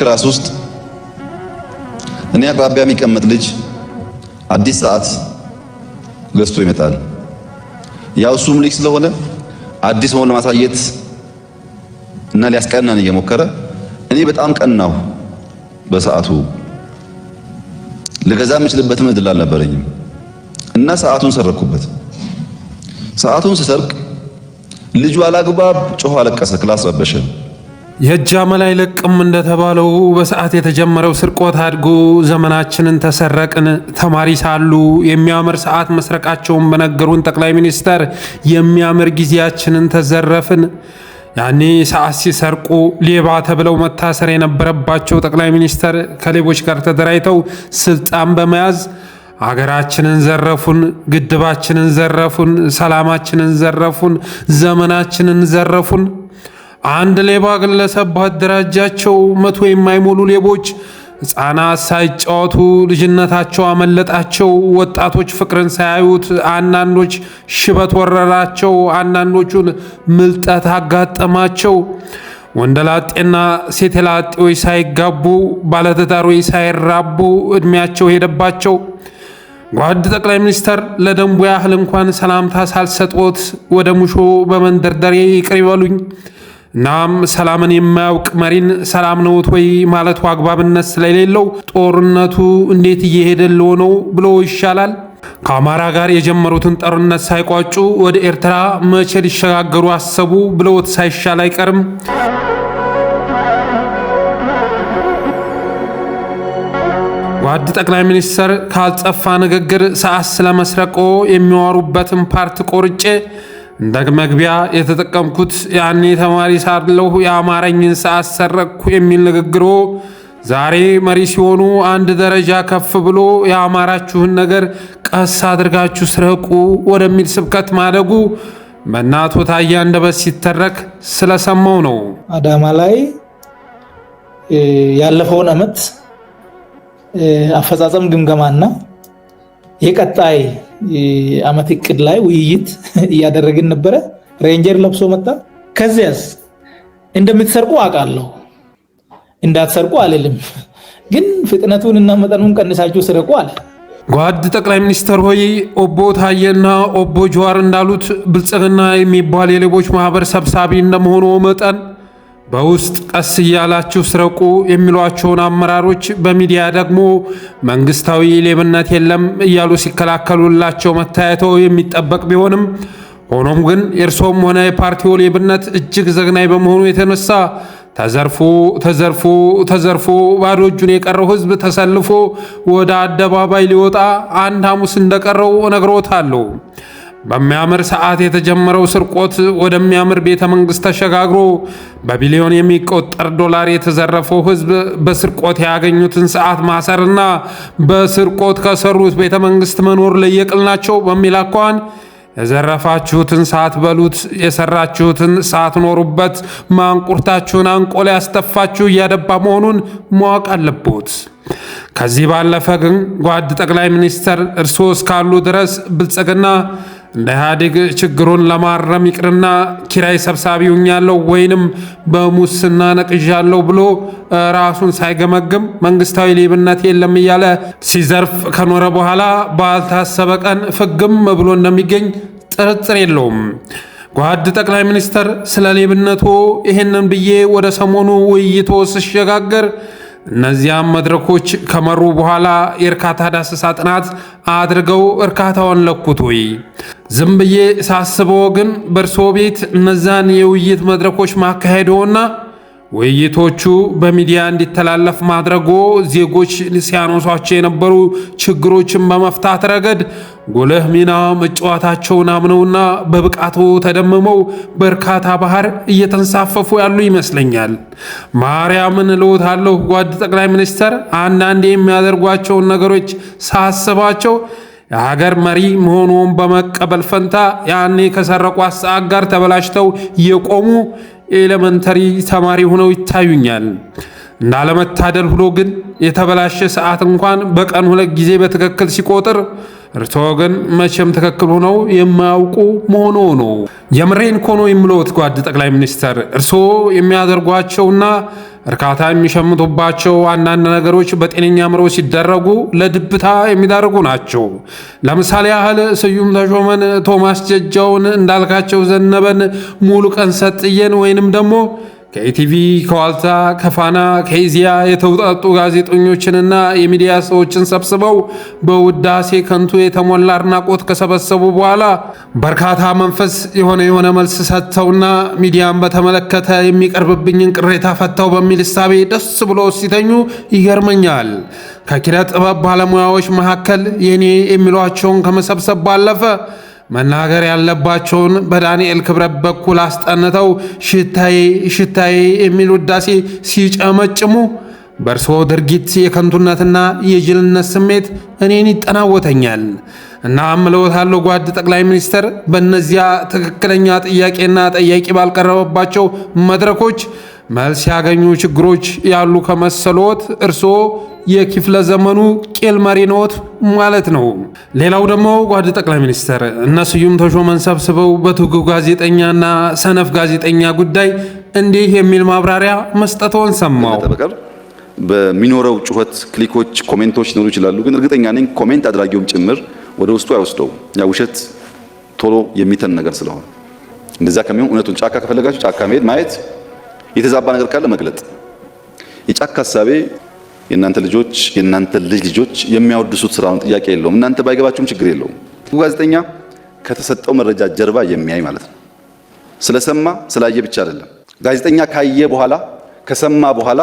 ክላስ ውስጥ እኔ አቅራቢያ የሚቀመጥ ልጅ አዲስ ሰዓት ገዝቶ ይመጣል። ያው እሱም ልጅ ስለሆነ አዲስ መሆን ለማሳየት እና ሊያስቀናን እየሞከረ እኔ በጣም ቀናሁ። በሰዓቱ ልገዛ የምችልበትም እድል አልነበረኝም እና ሰዓቱን ሰረኩበት። ሰዓቱን ስሰርቅ ልጁ አላግባብ ጮኸ፣ አለቀሰ፣ ክላስ ረበሸ። የእጅ አመል አይለቅም እንደተባለው በሰዓት የተጀመረው ስርቆት አድጎ ዘመናችንን ተሰረቅን። ተማሪ ሳሉ የሚያምር ሰዓት መስረቃቸውን በነገሩን ጠቅላይ ሚኒስተር የሚያምር ጊዜያችንን ተዘረፍን። ያኔ ሰዓት ሲሰርቁ ሌባ ተብለው መታሰር የነበረባቸው ጠቅላይ ሚኒስተር ከሌቦች ጋር ተደራጅተው ስልጣን በመያዝ አገራችንን ዘረፉን፣ ግድባችንን ዘረፉን፣ ሰላማችንን ዘረፉን፣ ዘመናችንን ዘረፉን። አንድ ሌባ ግለሰብ ባደራጃቸው መቶ የማይሞሉ ሌቦች ሕፃናት ሳይጫወቱ ልጅነታቸው አመለጣቸው። ወጣቶች ፍቅርን ሳያዩት፣ አንዳንዶች ሽበት ወረራቸው፣ አንዳንዶቹን ምልጠት አጋጠማቸው። ወንደላጤና ሴተላጤዎች ሳይጋቡ፣ ባለትዳሮች ሳይራቡ ዕድሜያቸው ሄደባቸው። ጓድ ጠቅላይ ሚኒስተር ለደንቡ ያህል እንኳን ሰላምታ ሳልሰጦት ወደ ሙሾ በመንደርደሬ ይቅር ይበሉኝ። እናም ሰላምን የማያውቅ መሪን ሰላም ነውት ወይ ማለቱ አግባብነት ስለሌለው ጦርነቱ እንዴት እየሄደ ለሆነው ብሎ ይሻላል። ከአማራ ጋር የጀመሩትን ጦርነት ሳይቋጩ ወደ ኤርትራ መቼ ሊሸጋገሩ አሰቡ ብለውት ሳይሻል አይቀርም። ጓድ ጠቅላይ ሚኒስትር ካልጸፋ ንግግር ሰዓት ስለመስረቆ የሚዋሩበትን ፓርት ቆርጬ እንደ መግቢያ የተጠቀምኩት ያኔ ተማሪ ሳለሁ የአማረኝን ሰዓት ሰረቅኩ የሚል ንግግሮ ዛሬ መሪ ሲሆኑ አንድ ደረጃ ከፍ ብሎ የአማራችሁን ነገር ቀስ አድርጋችሁ ስረቁ ወደሚል ስብከት ማደጉ በእናቶ ታዬ አንደበት ሲተረክ ስለሰማው ነው። አዳማ ላይ ያለፈውን ዓመት አፈጻጸም ግምገማና የቀጣይ አመት እቅድ ላይ ውይይት እያደረግን ነበረ። ሬንጀር ለብሶ መጣ። ከዚያስ እንደምትሰርቁ አውቃለሁ፣ እንዳትሰርቁ አልልም፣ ግን ፍጥነቱን እና መጠኑን ቀንሳችሁ ስረቁ አለ። ጓድ ጠቅላይ ሚኒስትር ሆይ ኦቦ ታየና ኦቦ ጀዋር እንዳሉት ብልጽግና የሚባል የሌቦች ማህበር ሰብሳቢ እንደመሆኑ መጠን በውስጥ ቀስ እያላችሁ ስረቁ የሚሏቸውን አመራሮች በሚዲያ ደግሞ መንግስታዊ ሌብነት የለም እያሉ ሲከላከሉላቸው መታየተው የሚጠበቅ ቢሆንም ሆኖም ግን የእርሶም ሆነ የፓርቲው ሌብነት እጅግ ዘግናይ በመሆኑ የተነሳ ተዘርፎ ተዘርፎ ተዘርፎ ባዶ እጁን የቀረው ህዝብ ተሰልፎ ወደ አደባባይ ሊወጣ አንድ ሐሙስ እንደቀረው ነግሮታለሁ። በሚያምር ሰዓት የተጀመረው ስርቆት ወደሚያምር ቤተ መንግሥት ተሸጋግሮ በቢሊዮን የሚቆጠር ዶላር የተዘረፈው ሕዝብ በስርቆት ያገኙትን ሰዓት ማሰርና በስርቆት ከሰሩት ቤተ መንግሥት መኖር ለየቅል ናቸው በሚል አኳን የዘረፋችሁትን ሰዓት በሉት፣ የሰራችሁትን ሰዓት ኖሩበት፣ ማንቁርታችሁን አንቆ ያስተፋችሁ እያደባ መሆኑን ማወቅ አለብዎት። ከዚህ ባለፈ ግን ጓድ ጠቅላይ ሚኒስትር እርስዎ እስካሉ ድረስ ብልጽግና እንደ ችግሩን ለማረም ይቅርና ኪራይ ሰብሳቢ ሁኛለሁ ወይንም በሙስና ነቅዣለሁ ብሎ ራሱን ሳይገመግም መንግስታዊ ሌብነት የለም እያለ ሲዘርፍ ከኖረ በኋላ ባልታሰበ ቀን ፍግም ብሎ እንደሚገኝ ጥርጥር የለውም። ጓድ ጠቅላይ ሚኒስትር ስለ ሌብነቱ ይህንን ብዬ ወደ ሰሞኑ ውይይቶ ስሸጋገር እነዚያም መድረኮች ከመሩ በኋላ የእርካታ ዳሰሳ ጥናት አድርገው እርካታውን ለኩት። ወይ ዝም ብዬ ሳስበው ግን በእርሶ ቤት እነዛን የውይይት መድረኮች ማካሄደውና ውይይቶቹ በሚዲያ እንዲተላለፍ ማድረጎ ዜጎች ሲያነሷቸው የነበሩ ችግሮችን በመፍታት ረገድ ጉልህ ሚና መጫወታቸውን አምነውና በብቃቱ ተደምመው በርካታ ባህር እየተንሳፈፉ ያሉ ይመስለኛል። ማርያምን እልዎታለሁ ጓድ ጠቅላይ ሚኒስተር፣ አንዳንድ የሚያደርጓቸውን ነገሮች ሳስባቸው የሀገር መሪ መሆኑን በመቀበል ፈንታ ያኔ ከሰረቋት ሰዓት ጋር ተበላሽተው የቆሙ ኤሌመንተሪ ተማሪ ሆነው ይታዩኛል። እንዳለመታደል ሁሎ ግን የተበላሸ ሰዓት እንኳን በቀን ሁለት ጊዜ በትክክል ሲቆጥር እርስዎ ግን መቼም ትክክል ሆነው የማያውቁ መሆኖ ነው። የምሬን ኮኖ የምለውት ጓድ ጠቅላይ ሚኒስተር እርስዎ የሚያደርጓቸውና እርካታ የሚሸምቱባቸው አንዳንድ ነገሮች በጤነኛ አእምሮ ሲደረጉ ለድብታ የሚዳርጉ ናቸው። ለምሳሌ ያህል ስዩም ተሾመን፣ ቶማስ ጀጃውን፣ እንዳልካቸው ዘነበን፣ ሙሉ ቀን ሰጥየን ወይንም ደግሞ ከኢቲቪ ከዋልታ ከፋና ከኢዚያ የተውጣጡ ጋዜጠኞችንና የሚዲያ ሰዎችን ሰብስበው በውዳሴ ከንቱ የተሞላ አድናቆት ከሰበሰቡ በኋላ በርካታ መንፈስ የሆነ የሆነ መልስ ሰጥተውና ሚዲያን በተመለከተ የሚቀርብብኝን ቅሬታ ፈተው በሚል እሳቤ ደስ ብሎ ሲተኙ ይገርመኛል። ከኪነ ጥበብ ባለሙያዎች መካከል የኔ የሚሏቸውን ከመሰብሰብ ባለፈ መናገር ያለባቸውን በዳንኤል ክብረት በኩል አስጠንተው ሽታዬ ሽታዬ የሚል ውዳሴ ሲጨመጭሙ በእርሶ ድርጊት የከንቱነትና የጅልነት ስሜት እኔን ይጠናወተኛል። እና እለዎታለሁ ጓድ ጠቅላይ ሚኒስተር፣ በእነዚያ ትክክለኛ ጥያቄና ጠያቂ ባልቀረበባቸው መድረኮች መልስ ያገኙ ችግሮች ያሉ ከመሰሎት እርሶ የክፍለ ዘመኑ ቄል መሪ ማለት ነው። ሌላው ደግሞ ጓድ ጠቅላይ ሚኒስትር እነ ስዩም ተሾመን ሰብስበው በትጉህ ጋዜጠኛና ሰነፍ ጋዜጠኛ ጉዳይ እንዲህ የሚል ማብራሪያ መስጠትዎን ሰማው። በሚኖረው ጩኸት፣ ክሊኮች፣ ኮሜንቶች ሊኖሩ ይችላሉ። ግን እርግጠኛ ነኝ ኮሜንት አድራጊውም ጭምር ወደ ውስጡ አይወስደውም። ያ ውሸት ቶሎ የሚተን ነገር ስለሆነ እንደዛ ከሚሆን እውነቱን ጫካ ከፈለጋችሁ ጫካ መሄድ ማየት የተዛባ ነገር ካለ መግለጥ። የጫካ ሀሳቤ የእናንተ ልጆች የእናንተ ልጅ ልጆች የሚያወድሱት ስራውን ጥያቄ የለውም። እናንተ ባይገባችሁም ችግር የለውም። ጋዜጠኛ ከተሰጠው መረጃ ጀርባ የሚያይ ማለት ነው። ስለሰማ ስላየ ብቻ አይደለም። ጋዜጠኛ ካየ በኋላ ከሰማ በኋላ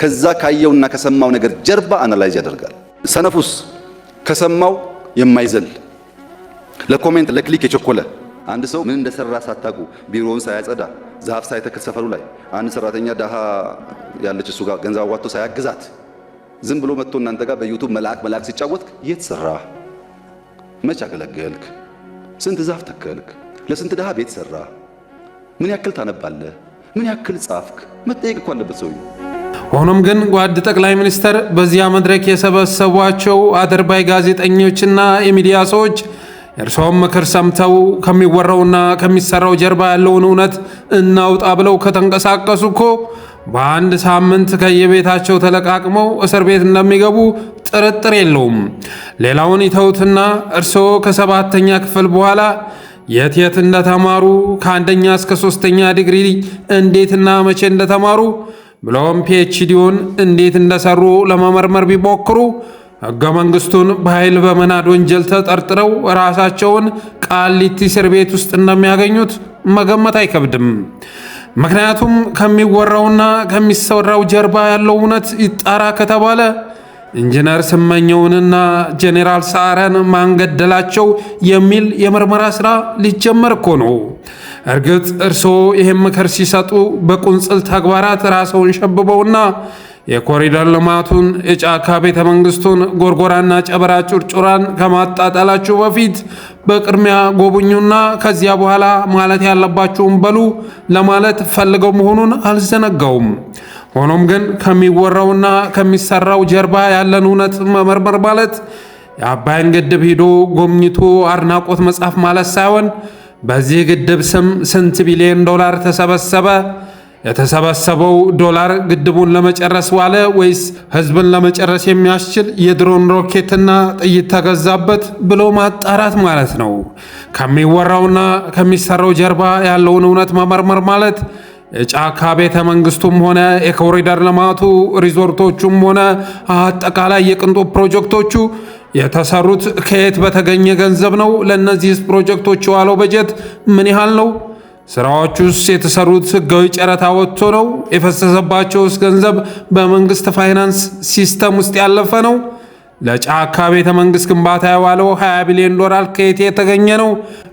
ከዛ ካየውና ከሰማው ነገር ጀርባ አናላይዝ ያደርጋል። ሰነፉስ ከሰማው የማይዘል ለኮሜንት ለክሊክ የቸኮለ አንድ ሰው ምን እንደሰራ ሳታቁ ቢሮውን ሳያጸዳ ዛፍ ሳይተክል ሰፈሩ ላይ አንድ ሰራተኛ ዳሃ ያለች እሱ ጋር ገንዘብ አዋጥቶ ሳያግዛት ዝም ብሎ መጥቶ እናንተ ጋር በዩቱብ መልአክ መልአክ ሲጫወትክ የት ሰራህ? መች አገለገልክ? ስንት ዛፍ ተከልክ? ለስንት ድሃ ቤት ሰራ? ምን ያክል ታነባለህ? ምን ያክል ጻፍክ? መጠየቅ እኮ አለበት ሰውዬ። ሆኖም ግን ጓድ ጠቅላይ ሚኒስተር በዚያ መድረክ የሰበሰቧቸው አደርባይ ጋዜጠኞችና የሚዲያ ሰዎች የእርሷም ምክር ሰምተው ከሚወራውና ከሚሰራው ጀርባ ያለውን እውነት እናውጣ ብለው ከተንቀሳቀሱ እኮ በአንድ ሳምንት ከየቤታቸው ተለቃቅመው እስር ቤት እንደሚገቡ ጥርጥር የለውም። ሌላውን ይተውትና እርስዎ ከሰባተኛ ክፍል በኋላ የት የት እንደተማሩ ከአንደኛ እስከ ሶስተኛ ዲግሪ እንዴትና መቼ እንደተማሩ ብለውም ፒኤችዲውን እንዴት እንደሰሩ ለመመርመር ቢሞክሩ ሕገ መንግሥቱን በኃይል በመናድ ወንጀል ተጠርጥረው ራሳቸውን ቃሊቲ እስር ቤት ውስጥ እንደሚያገኙት መገመት አይከብድም። ምክንያቱም ከሚወራውና ከሚሰራው ጀርባ ያለው እውነት ይጣራ ከተባለ ኢንጂነር ስመኘውንና ጄኔራል ሳረን ማንገደላቸው የሚል የምርመራ ሥራ ሊጀመር እኮ ነው። እርግጥ እርስዎ ይህም ምክር ሲሰጡ በቁንጽል ተግባራት ራሰውን ሸብበውና የኮሪደር ልማቱን የጫካ ቤተ መንግስቱን ጎርጎራና ጨበራ ጩርጩራን ከማጣጣላችሁ በፊት በቅድሚያ ጎብኙና ከዚያ በኋላ ማለት ያለባችሁን በሉ ለማለት ፈልገው መሆኑን አልዘነጋውም። ሆኖም ግን ከሚወራውና ከሚሰራው ጀርባ ያለን እውነት መመርመር ማለት የአባይን ግድብ ሂዶ ጎብኝቶ አድናቆት መጻፍ ማለት ሳይሆን በዚህ ግድብ ስም ስንት ቢሊዮን ዶላር ተሰበሰበ የተሰበሰበው ዶላር ግድቡን ለመጨረስ ዋለ ወይስ ህዝብን ለመጨረስ የሚያስችል የድሮን ሮኬትና ጥይት ተገዛበት ብሎ ማጣራት ማለት ነው። ከሚወራውና ከሚሰራው ጀርባ ያለውን እውነት መመርመር ማለት የጫካ ቤተ መንግስቱም ሆነ የኮሪደር ልማቱ ሪዞርቶቹም ሆነ አጠቃላይ የቅንጦ ፕሮጀክቶቹ የተሰሩት ከየት በተገኘ ገንዘብ ነው? ለእነዚህ ፕሮጀክቶች የዋለው በጀት ምን ያህል ነው? ስራዎቹስ የተሰሩት ህጋዊ ጨረታ ወጥቶ ነው? የፈሰሰባቸውስ ገንዘብ በመንግስት ፋይናንስ ሲስተም ውስጥ ያለፈ ነው? ለጫካ ቤተ መንግስት ግንባታ የዋለው 20 ቢሊዮን ዶላር ከየት የተገኘ ነው?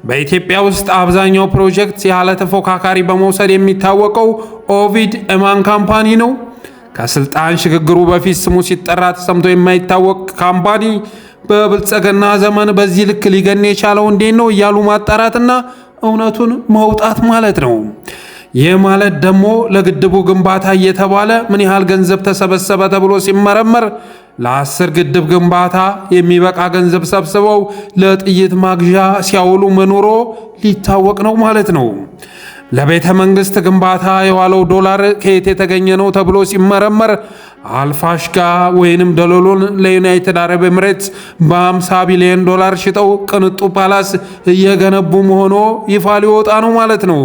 በኢትዮጵያ ውስጥ አብዛኛው ፕሮጀክት ያለ ተፎካካሪ በመውሰድ የሚታወቀው ኦቪድ እማን ካምፓኒ ነው። ከስልጣን ሽግግሩ በፊት ስሙ ሲጠራ ተሰምቶ የማይታወቅ ካምፓኒ በብልጽግና ዘመን በዚህ ልክ ሊገን የቻለው እንዴት ነው እያሉ ማጣራትና እውነቱን መውጣት ማለት ነው። ይህ ማለት ደግሞ ለግድቡ ግንባታ እየተባለ ምን ያህል ገንዘብ ተሰበሰበ ተብሎ ሲመረመር ለአስር ግድብ ግንባታ የሚበቃ ገንዘብ ሰብስበው ለጥይት ማግዣ ሲያውሉ መኖሮ ሊታወቅ ነው ማለት ነው። ለቤተ መንግሥት ግንባታ የዋለው ዶላር ከየት የተገኘ ነው ተብሎ ሲመረመር አልፋሽጋ ወይንም ደሎሎን ለዩናይትድ አረብ ኤምሬትስ በ50 ቢሊዮን ዶላር ሽጠው ቅንጡ ፓላስ እየገነቡ መሆኖ ይፋ ሊወጣ ነው ማለት ነው።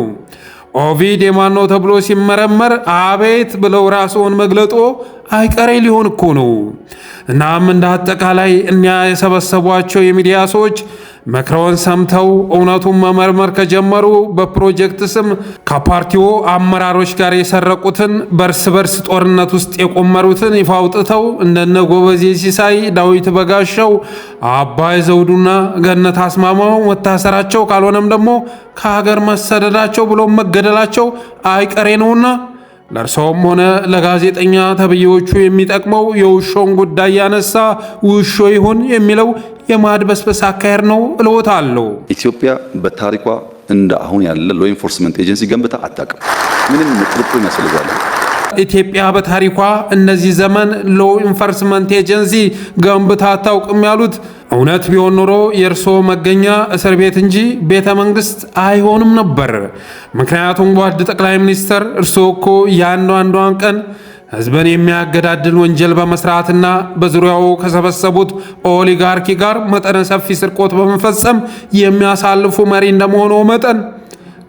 ኦቪድ የማን ነው ተብሎ ሲመረመር አቤት ብለው ራስዎን መግለጦ አይቀሬ ሊሆን እኮ ነው። እናም እንደ አጠቃላይ እኒያ የሰበሰቧቸው የሚዲያ ሰዎች መክረውን ሰምተው እውነቱን መመርመር ከጀመሩ በፕሮጀክት ስም ከፓርቲው አመራሮች ጋር የሰረቁትን በርስ በርስ ጦርነት ውስጥ የቆመሩትን ይፋ አውጥተው እንደነ ጎበዜ ሲሳይ፣ ዳዊት በጋሻው፣ አባይ ዘውዱና ገነት አስማማው መታሰራቸው ካልሆነም ደግሞ ከሀገር መሰደዳቸው ብሎ መገደላቸው አይቀሬ ነውና ለእርሰውም ሆነ ለጋዜጠኛ ተብዬዎቹ የሚጠቅመው የውሾን ጉዳይ ያነሳ ውሾ ይሁን የሚለው የማድበስበስ አካሄድ ነው እልዎታለሁ። ኢትዮጵያ በታሪኳ እንደ አሁን ያለ ሎ ኢንፎርስመንት ኤጀንሲ ገንብታ አታውቅም። ምንም ጥርጥር ያስፈልጋል። ኢትዮጵያ በታሪኳ እነዚህ ዘመን ሎ ኢንፎርስመንት ኤጀንሲ ገንብታ አታውቅም ያሉት እውነት ቢሆን ኖሮ የእርስዎ መገኛ እስር ቤት እንጂ ቤተ መንግስት አይሆንም ነበር። ምክንያቱም ጓድ ጠቅላይ ሚኒስተር እርስዎ እኮ የአንዷንዷን ቀን ህዝብን የሚያገዳድል ወንጀል በመስራትና በዙሪያው ከሰበሰቡት ኦሊጋርኪ ጋር መጠነ ሰፊ ስርቆት በመፈጸም የሚያሳልፉ መሪ እንደመሆነው መጠን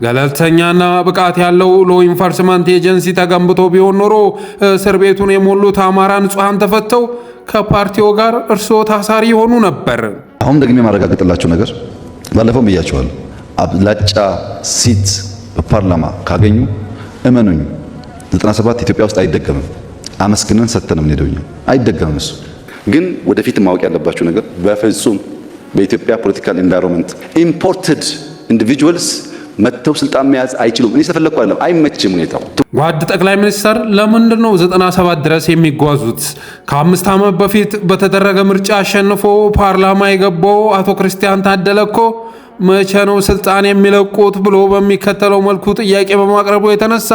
ገለልተኛና ብቃት ያለው ሎ ኢንፎርስመንት ኤጀንሲ ተገንብቶ ቢሆን ኖሮ እስር ቤቱን የሞሉት አማራ ንጹሐን ተፈተው ከፓርቲው ጋር እርስዎ ታሳሪ የሆኑ ነበር። አሁን ደግሜ ማረጋገጥላቸው ነገር ባለፈው ብያቸዋል። አብላጫ ሲት በፓርላማ ካገኙ እመኑኝ 97 ኢትዮጵያ ውስጥ አይደገምም። አመስግነን ሰተንም ሄደውኛ አይደገምም። እሱ ግን ወደፊት ማወቅ ያለባቸው ነገር በፍጹም በኢትዮጵያ ፖለቲካል ኢንቫይሮንመንት ኢምፖርትድ ኢንዲቪጁዋልስ መጥተው ስልጣን መያዝ አይችሉም። እኔ ስለፈለግኩ አይደለም፣ አይመችም ሁኔታው። ጓድ ጠቅላይ ሚኒስተር ለምንድን ነው 97 ድረስ የሚጓዙት? ከአምስት ዓመት በፊት በተደረገ ምርጫ አሸንፎ ፓርላማ የገባው አቶ ክርስቲያን ታደለ እኮ መቼ ነው ስልጣን የሚለቁት ብሎ በሚከተለው መልኩ ጥያቄ በማቅረቡ የተነሳ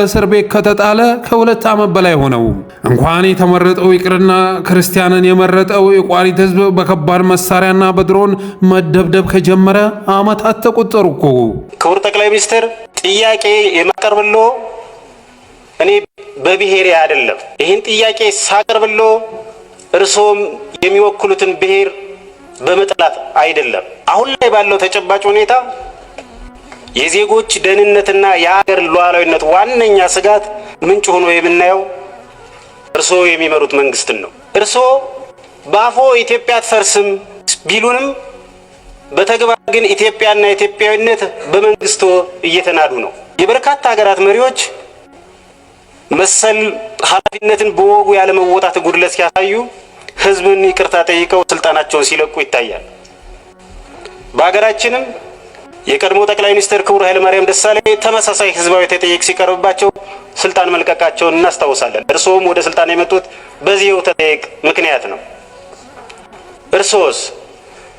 እስር ቤት ከተጣለ ከሁለት ዓመት በላይ ሆነው። እንኳን የተመረጠው ይቅርና ክርስቲያንን የመረጠው የቋሪት ሕዝብ በከባድ መሳሪያና በድሮን መደብደብ ከጀመረ ዓመታት ተቆጠሩ እኮ። ክቡር ጠቅላይ ሚኒስትር ጥያቄ የማቀርብሎ እኔ በብሔሬ አይደለም። ይህን ጥያቄ ሳቀርብሎ እርሶም የሚወክሉትን ብሔር በመጥላት አይደለም። አሁን ላይ ባለው ተጨባጭ ሁኔታ የዜጎች ደህንነትና የሀገር ሉዓላዊነት ዋነኛ ስጋት ምንጭ ሆኖ የምናየው እርስዎ የሚመሩት መንግስትን ነው። እርስዎ በአፎ ኢትዮጵያ አትፈርስም ቢሉንም በተግባር ግን ኢትዮጵያና ኢትዮጵያዊነት በመንግስቶ እየተናዱ ነው። የበርካታ ሀገራት መሪዎች መሰል ኃላፊነትን በወጉ ያለመወጣት ጉድለት ሲያሳዩ ህዝብን ይቅርታ ጠይቀው ስልጣናቸውን ሲለቁ ይታያል። በሀገራችንም የቀድሞ ጠቅላይ ሚኒስትር ክቡር ኃይለማርያም ደሳለኝ ተመሳሳይ ህዝባዊ ተጠየቅ ሲቀርብባቸው ስልጣን መልቀቃቸውን እናስታውሳለን። እርስዎም ወደ ስልጣን የመጡት በዚህው ተጠየቅ ምክንያት ነው። እርስዎስ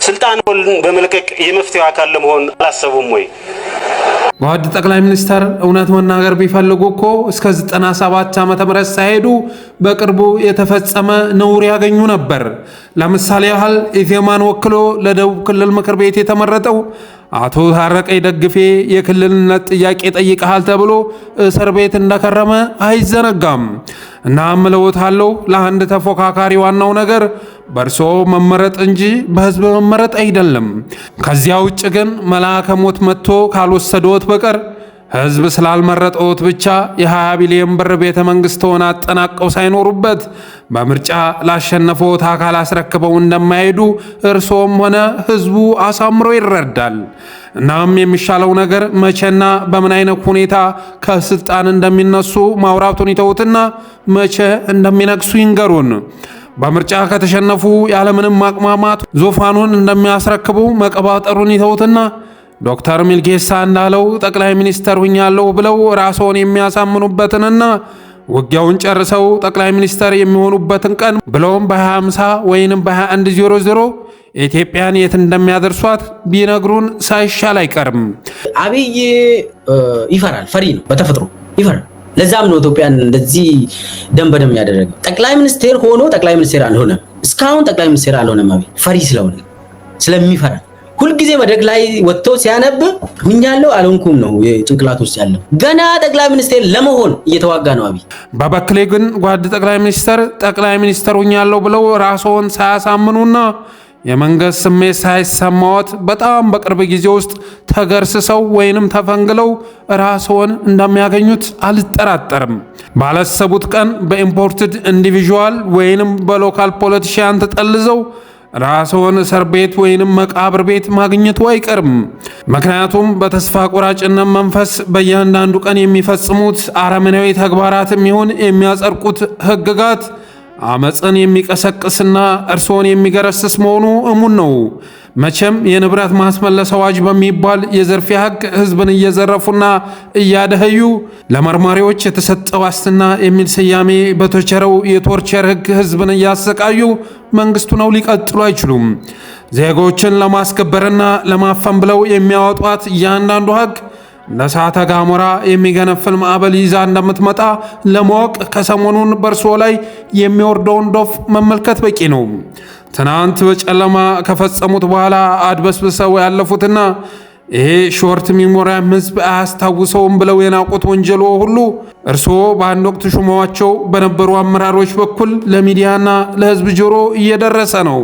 ስልጣን በመልቀቅ የመፍትሄ አካል ለመሆን አላሰቡም ወይ? ጓድ ጠቅላይ ሚኒስትር እውነት መናገር ቢፈልጉ እኮ እስከ 97 ዓ ም ሳይሄዱ በቅርቡ የተፈጸመ ነውር ያገኙ ነበር። ለምሳሌ ያህል ኢዜማን ወክሎ ለደቡብ ክልል ምክር ቤት የተመረጠው አቶ ታረቀኝ ደግፌ የክልልነት ጥያቄ ጠይቀሃል ተብሎ እስር ቤት እንደከረመ አይዘነጋም። እናም እለውታለሁ ለአንድ ተፎካካሪ ዋናው ነገር በእርሶ መመረጥ እንጂ በህዝብ መመረጥ አይደለም። ከዚያ ውጭ ግን መልአከ ሞት መጥቶ ካልወሰደዎት በቀር ሕዝብ ስላልመረጠውት ብቻ የ20 ቢሊዮን ብር ቤተ መንግሥትዎን አጠናቀው ሳይኖሩበት በምርጫ ላሸነፈውት አካል አስረክበው እንደማይሄዱ እርስዎም ሆነ ሕዝቡ አሳምሮ ይረዳል። እናም የሚሻለው ነገር መቼና በምን አይነት ሁኔታ ከስልጣን እንደሚነሱ ማውራቱን ይተውትና መቼ እንደሚነግሱ ይንገሩን። በምርጫ ከተሸነፉ ያለምንም ማቅማማት ዙፋኑን እንደሚያስረክቡ መቀባጠሩን ይተውትና ዶክተር ሚልጌሳ እንዳለው ጠቅላይ ሚኒስተር ሁኛለሁ ብለው ራስዎን የሚያሳምኑበትንና ውጊያውን ጨርሰው ጠቅላይ ሚኒስተር የሚሆኑበትን ቀን ብለውም በ2050 ወይንም በ2100 ኢትዮጵያን የት እንደሚያደርሷት ቢነግሩን ሳይሻል አይቀርም። አብይ ይፈራል፣ ፈሪ ነው በተፈጥሮ ይፈራል። ለዛም ነው ኢትዮጵያን እንደዚህ ደም በደም ያደረገ። ጠቅላይ ሚኒስቴር ሆኖ ጠቅላይ ሚኒስቴር አልሆነም። እስካሁን ጠቅላይ ሚኒስቴር አልሆነም። አብይ ፈሪ ስለሆነ ስለሚፈራ ሁልጊዜ መድረክ ላይ ወጥቶ ሲያነብ ሁኛለው አልሆንኩም ነው ጭንቅላት ውስጥ ያለው። ገና ጠቅላይ ሚኒስቴር ለመሆን እየተዋጋ ነው አብይ። በበክሌ ግን ጓድ ጠቅላይ ሚኒስተር ጠቅላይ ሚኒስተር ሁኛለው ብለው ራስዎን ሳያሳምኑና የመንግስት ስሜት ሳይሰማዎት በጣም በቅርብ ጊዜ ውስጥ ተገርስሰው ወይንም ተፈንግለው ራስዎን እንደሚያገኙት አልጠራጠርም። ባላሰቡት ቀን በኢምፖርትድ ኢንዲቪዥዋል ወይንም በሎካል ፖለቲሽያን ተጠልዘው ራስዎን እስር ቤት ወይንም መቃብር ቤት ማግኘቱ አይቀርም። ምክንያቱም በተስፋ ቆራጭነት መንፈስ በእያንዳንዱ ቀን የሚፈጽሙት አረመናዊ ተግባራት ይሁን የሚያጸድቁት ሕግጋት አመፅን የሚቀሰቅስና እርስዎን የሚገረስስ መሆኑ እሙን ነው። መቼም የንብረት ማስመለስ አዋጅ በሚባል የዝርፊያ ሕግ ሕዝብን እየዘረፉና እያደኸዩ ለመርማሪዎች የተሰጠ ዋስትና የሚል ስያሜ በተቸረው የቶርቸር ሕግ ሕዝብን እያሰቃዩ መንግስቱ ነው ሊቀጥሉ አይችሉም። ዜጎችን ለማስከበርና ለማፈን ብለው የሚያወጧት እያንዳንዱ ሕግ ለእሳተ ጋሞራ የሚገነፍል ማዕበል ይዛ እንደምትመጣ ለማወቅ ከሰሞኑን በእርሶ ላይ የሚወርደውን ዶፍ መመልከት በቂ ነው። ትናንት በጨለማ ከፈጸሙት በኋላ አድበስብሰው ያለፉትና ይሄ ሾርት ሚሞሪያም ህዝብ አያስታውሰውም ብለው የናቁት ወንጀሎ ሁሉ እርስዎ በአንድ ወቅት ሹመዋቸው በነበሩ አመራሮች በኩል ለሚዲያና ለህዝብ ጆሮ እየደረሰ ነው።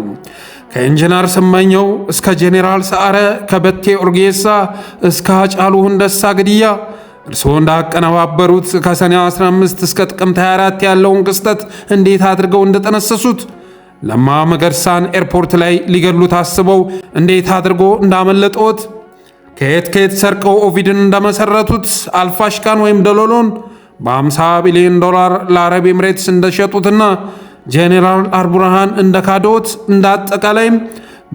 ከኢንጂነር ስመኘው እስከ ጄኔራል ሰዓረ ከበቴ ኦርጌሳ እስከ አጫሉ ሁንደሳ ግድያ እርስዎ እንዳቀነባበሩት ከሰኔ 15 እስከ ጥቅምት 24 ያለውን ክስተት እንዴት አድርገው እንደጠነሰሱት ለማ መገርሳን ኤርፖርት ላይ ሊገሉት አስበው እንዴት አድርጎ እንዳመለጠዎት ከየት ከየት ሰርቀው ኦቪድን እንደመሰረቱት አልፋሽካን ወይም ደሎሎን በ50 ቢሊዮን ዶላር ለአረብ ኤምሬትስ እንደሸጡትና ጄኔራል አርቡርሃን እንደ ካዶት እንዳጠቃላይም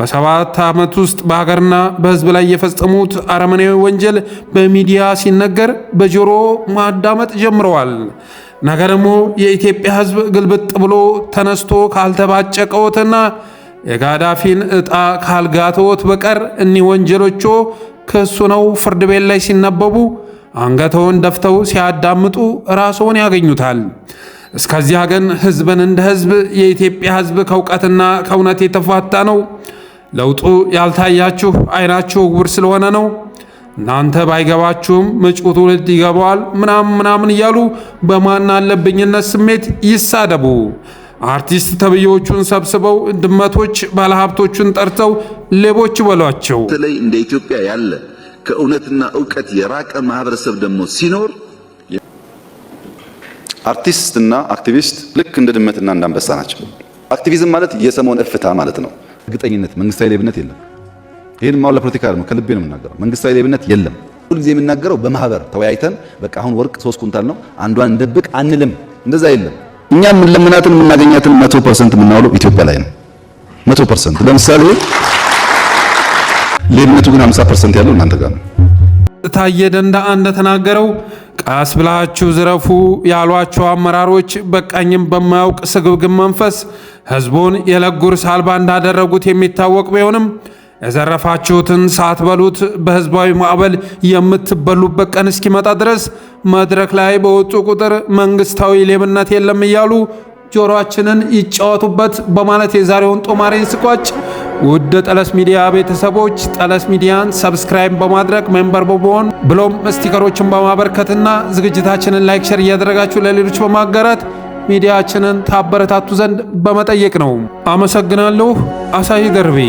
በሰባት ዓመት ውስጥ በሀገርና በሕዝብ ላይ የፈጸሙት አረመኔያዊ ወንጀል በሚዲያ ሲነገር በጆሮ ማዳመጥ ጀምረዋል። ነገ ደግሞ የኢትዮጵያ ሕዝብ ግልብጥ ብሎ ተነስቶ ካልተባጨቀዎትና የጋዳፊን ዕጣ ካልጋተዎት በቀር እኒህ ወንጀሎቹ ክሱ ነው ፍርድ ቤት ላይ ሲነበቡ አንገተውን ደፍተው ሲያዳምጡ ራስዎን ያገኙታል። እስከዚያ ግን ህዝብን እንደ ህዝብ የኢትዮጵያ ህዝብ ከእውቀትና ከእውነት የተፋታ ነው። ለውጡ ያልታያችሁ አይናችሁ ዕውር ስለሆነ ነው። እናንተ ባይገባችሁም መጪው ትውልድ ይገባዋል ምናምን ምናምን እያሉ በማን አለብኝነት ስሜት ይሳደቡ። አርቲስት ተብዬዎቹን ሰብስበው ድመቶች ባለሀብቶቹን ጠርተው ሌቦች በሏቸው። በተለይ እንደ ኢትዮጵያ ያለ ከእውነትና እውቀት የራቀ ማህበረሰብ ደግሞ ሲኖር አርቲስት እና አክቲቪስት ልክ እንደ ድመትና እንደ አንበሳ ናቸው። አክቲቪዝም ማለት የሰሞን እፍታ ማለት ነው። እርግጠኝነት መንግስታዊ ሌብነት የለም። ይህን ማውላ ፖለቲካ ነው፣ ከልቤ ነው የምናገረው። መንግስታዊ ሌብነት የለም። ሁልጊዜ የምናገረው በማህበር ተወያይተን በቃ አሁን ወርቅ ሶስት ኩንታል ነው አንዷን እንደብቅ አንልም። እንደዛ የለም። እኛ የምንለምናትን የምናገኛትን መቶ ፐርሰንት የምናውለው ኢትዮጵያ ላይ ነው። መቶ ፐርሰንት ለምሳሌ ሌብነቱ ግን 50 ፐርሰንት ያለው እናንተ ጋር ነው። ታየ ደንደአ እንደተናገረው ቀስ ብላችሁ ዝረፉ ያሏቸው አመራሮች በቀኝም በማያውቅ ስግብግብ መንፈስ ህዝቡን የለጉርስ አልባ እንዳደረጉት የሚታወቅ ቢሆንም የዘረፋችሁትን ሳትበሉት በህዝባዊ ማዕበል የምትበሉበት ቀን እስኪመጣ ድረስ መድረክ ላይ በወጡ ቁጥር መንግስታዊ ሌብነት የለም እያሉ ጆሮአችንን ይጫወቱበት በማለት የዛሬውን ጦማሬን ስቋጭ ውድ ጠለስ ሚዲያ ቤተሰቦች ጠለስ ሚዲያን ሰብስክራይብ በማድረግ ሜምበር በመሆን ብሎም ስቲከሮችን በማበርከትና ዝግጅታችንን ላይክ፣ ሸር እያደረጋችሁ ለሌሎች በማጋራት ሚዲያችንን ታበረታቱ ዘንድ በመጠየቅ ነው። አመሰግናለሁ። አሳይ ደርቤ